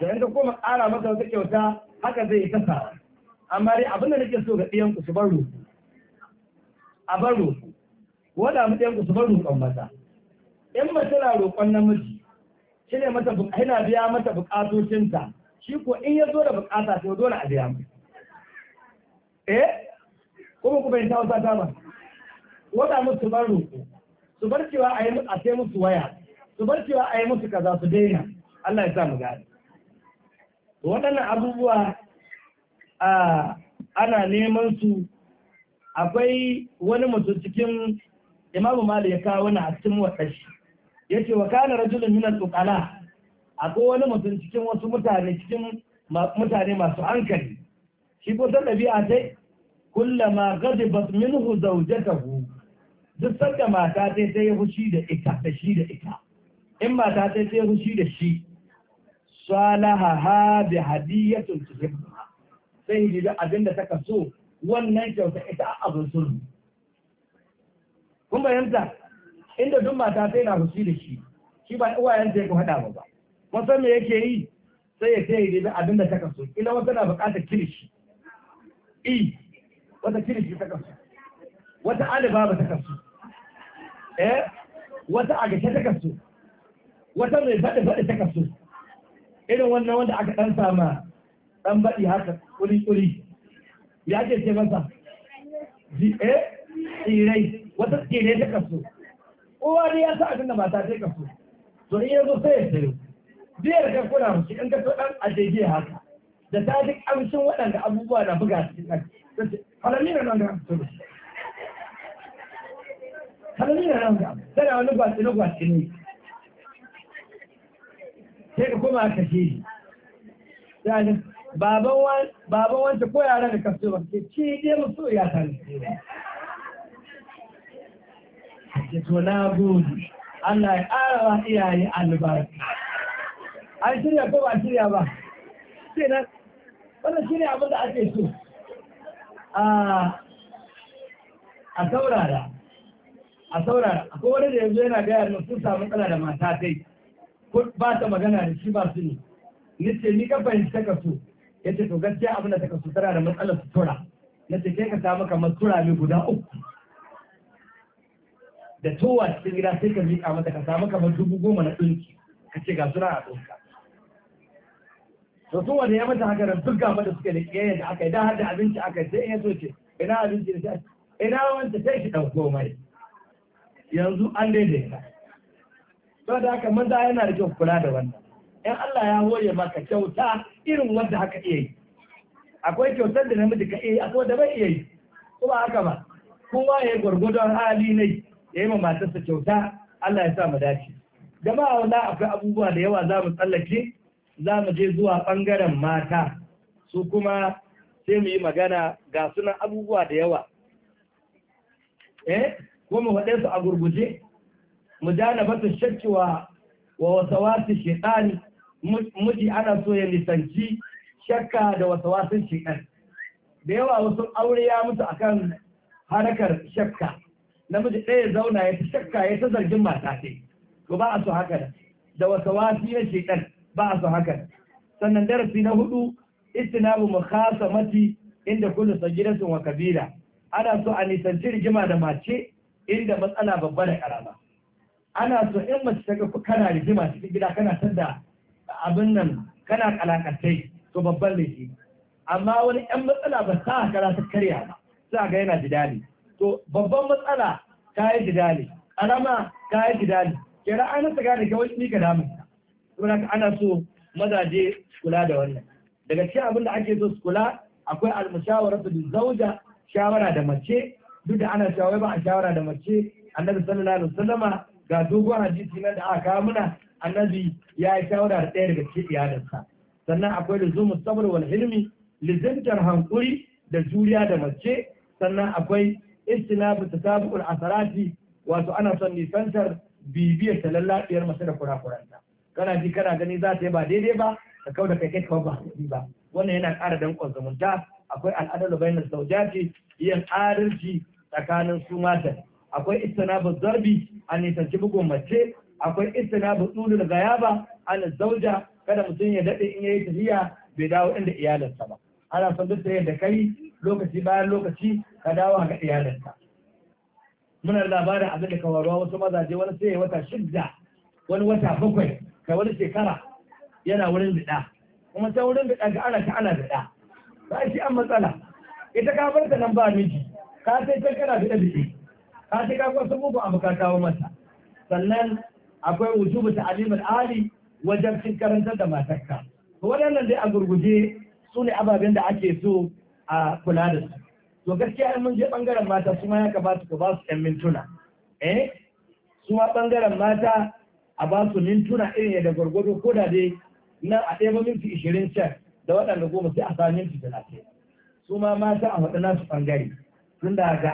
da yanka koma ƙara masa wata kyauta haka zai kasa amma dai abin da nake so ga ku su bar roƙo a bar roƙo ko da mu ɗiyanku su bar roƙon mata in mace na roƙon namiji shi ne mata yana biya mata bukatocinta shi ko in ya zo da bukata sai dole a biya mu eh kuma ku bayyana wata dama wata musu bar roƙo su bar cewa a yi a sai musu waya su bar cewa a yi musu kaza su daina Allah ya sa mu gane waɗannan abubuwa a ana neman su akwai wani mutum cikin imamu malik ya kawo wani a cikin wadashi yace wa kana rajulun min tsokala akwai wani mutum cikin wasu mutane cikin mutane masu hankali shi ko ta kulla tai kullama zauje minhu zawjatahu duk sanda mata tai ta yi hushi da ita da shi da ita in mata tai ta yi hushi da shi salaha bi hadiyatun tuhibba sai ji da abin da ta so wannan kyauta ita abin sulhu kun bayanta inda duk mata sai na fushi da shi shi ba uwayen ta yake faɗa ba ba wasan me yake yi sai ya sai ya abin da ta kaso ina wata na buƙatar kirishi i e, wata kirishi ta kaso wata aliba ba ta kaso eh wata agashe ta kaso wata mai faɗi faɗi ta kaso irin wannan wanda aka ɗan sama dan baɗi haka kuri kuri ya ke ce masa eh tsirai wata tsirai ta kaso uwa ne ya sa a tunda mata ta kafu to in yanzu sai ya sayo biyar ka kuna musu in ka tsoron a daidai haka da ta ji amshin waɗanda abubuwa na buga cikin ɗan halami na nan ga halami na nan ga tana wani gwasi na gwasi ne sai ka koma ka shi baban wanda ko yaran da kasu ba ce ci musu ya ta ne da na buri Allah ya ƙara wa iyaye albarki. an shirya ko ba shirya ba sai nan wannan shirya abin da ake so a saurara a saurara akwai wani da yanzu yana gaya da sun samu matsala da mata kai ko ba ta magana da shi ba su ne ni ce ni ka fahimci ka so ya ce to gaskiya abin da ta kaso tana da matsalar sutura na ce kai ka samu kamar mai guda uku da towa cikin gida sai ka miƙa mata ka samu kamar dubu goma na ɗinki ka ce ga suna a ɗinka to towa da ya mata haka nan duk gaba da suka da ƙiyayya da aka yi da har da abinci aka yi sai ya so ce ina abinci da ina wanda sai ki ɗauko mai yanzu an daidaita to da haka maza yana da kyau kula da wannan in Allah ya hore maka kyauta irin wanda haka iya yi akwai kyautar da namiji ka iya yi akwai da bai iya yi Kuma ba haka ba kowa ya yi gwargwadon hali ne ya yi ma matarsa kyauta Allah ya sa mu dace jama'a wanda akwai abubuwa da yawa za mu tsallake za mu je zuwa ɓangaren mata su kuma sai mu yi magana ga sunan abubuwa da yawa eh ko mu faɗe su a gurguje mu ba su shakkiwa wa wasawasin shaitani muji ana so ya nisanci shakka da wasawasin shaitan da yawa wasu aure ya mutu akan harakar shakka namiji ɗaya zauna ya shakka ya ta zargin mata ce to ba a so haka da wasa wasi na shekar ba a so haka da. sannan darasi na hudu istinabu mati, inda kullu sagiratun wa kabila, ana so a nisanci rigima da mace inda matsala babba da karama ana so in mace ta kafa kana rigima cikin gida kana da abin nan kana kalakatai to babban laifi amma wani yan matsala ba sa kara ta karya ba sai ga yana jidali to babban matsala ka yi jidali alama ka yi jidali kira an saka da kawai ni ka damu saboda ana so mazaje kula da wannan daga cikin abin da ake so su kula akwai su bil zauja shawara da mace duk da ana shawara ba a shawara da mace annabi sallallahu alaihi wasallama ga dogon hadisi nan da aka kawo muna annabi ya yi shawara da ɗaya daga cikin iyalinsa sannan akwai lizumu sabr wal hilmi lizintar hankuri da juriya da mace sannan akwai istinabu tasabu'ul asarati wato ana son nisantar bibiyar ta lallabiyar masu da kurakuranta kana ji kana gani za ta yi ba daidai ba ka kau da kai kai kawai ba ba wannan yana ƙara danƙon zumunta akwai al'adalu bainar saujati yin adalci tsakanin su matan akwai istinabu zarbi a nisanci bugun mace akwai istinabu gaya gayaba an zauja kada mutum ya daɗe in ya yi tafiya bai dawo inda iyalinsa ba ana son duk da kai lokaci bayan lokaci ka dawo ga iyalinka muna labarin abin da kawarwa wasu mazaje wani sai wata shidda wani wata bakwai kai wani shekara yana wurin zida kuma ta wurin zida ga ana ta ana bida ba shi an matsala ita ka bar ta nan ba miji ka sai ta kana zida bida ka sai ka kwasa muku abu ka kawo mata sannan akwai wujubu ta'limul ali wajen karantar da matarka waɗannan dai a gurguje su ne ababen da ake so a kula da su to gaskiya mun je bangaren mata su ma ya kamata ka ba su ɗan mintuna eh su ma bangaren mata a ba su mintuna irin yadda gwargwado ko da dai nan a ɗaya minti ishirin can da waɗanda goma sai a sa minti talatin su ma mata a faɗi su ɓangare, Tunda ga